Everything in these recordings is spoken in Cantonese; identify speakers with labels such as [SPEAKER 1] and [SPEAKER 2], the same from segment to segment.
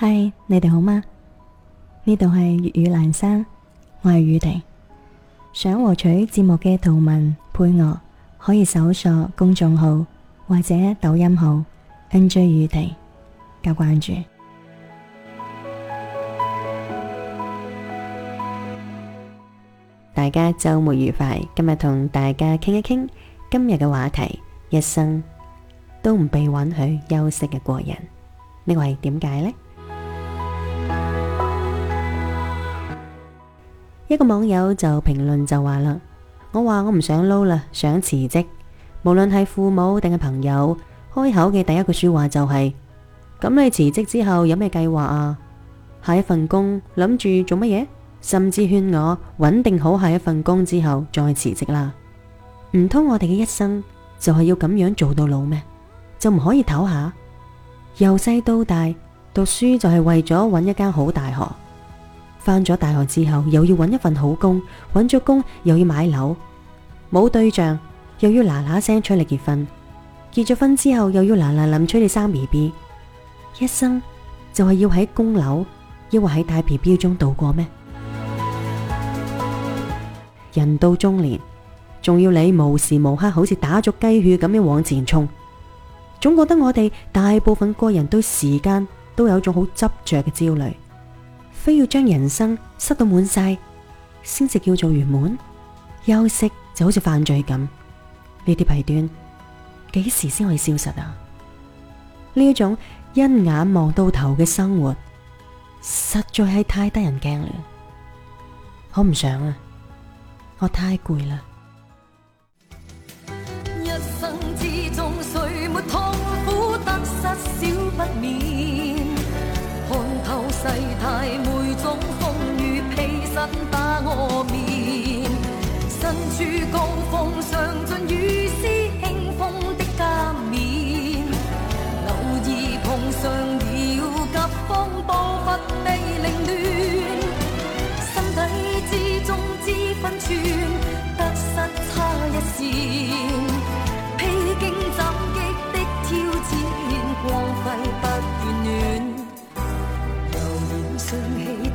[SPEAKER 1] 嗨，Hi, 你哋好嗎？呢度係粵語蘭生，我係宇婷。想獲取節目嘅圖文配樂，可以搜索公眾號或者抖音號 N J 宇婷加關注。大家週末愉快。今日同大家傾一傾今日嘅話題：一生都唔被允許休息嘅國人，呢個係點解呢？一個網友就評論就話啦：我話我唔想撈啦，想辭職。無論係父母定係朋友，開口嘅第一句說話就係：咁你辭職之後有咩計劃啊？下一份工諗住做乜嘢？甚至勸我穩定好下一份工之後再辭職啦。唔通我哋嘅一生就係要咁樣做到老咩？就唔可以唞下？由細到大讀書就係為咗搵一間好大學。返咗大學之後，又要搵一份好工，搵咗工又要買樓，冇對象又要嗱嗱聲催你結婚，結咗婚之後又要嗱嗱臨催你生 B B，一生就係要喺供樓，抑或喺帶 B B 中度過咩？人到中年，仲要你無時無刻好似打咗雞血咁樣往前衝，總覺得我哋大部分國人對時間都有種好執着嘅焦慮。非要將人生塞到滿晒，先至叫做圓滿。休息就好似犯罪咁，呢啲弊端幾時先可以消失啊？呢一種一眼望到頭嘅生活，實在係太得人驚啦！我唔想啊，我太攰啦。
[SPEAKER 2] 世態每種風雨披身打我面，身處高峰嘗盡雨絲輕風的加冕，偶爾碰上要急風，步伐未凌亂，心底之中知分寸，得失差一線。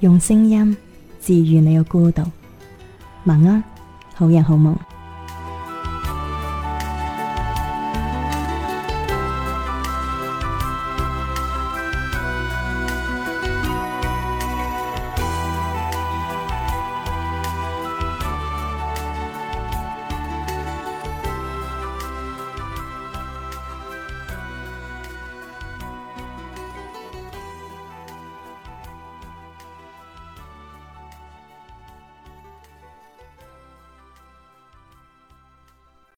[SPEAKER 1] 用聲音治癒你嘅孤獨，晚安，好人好夢。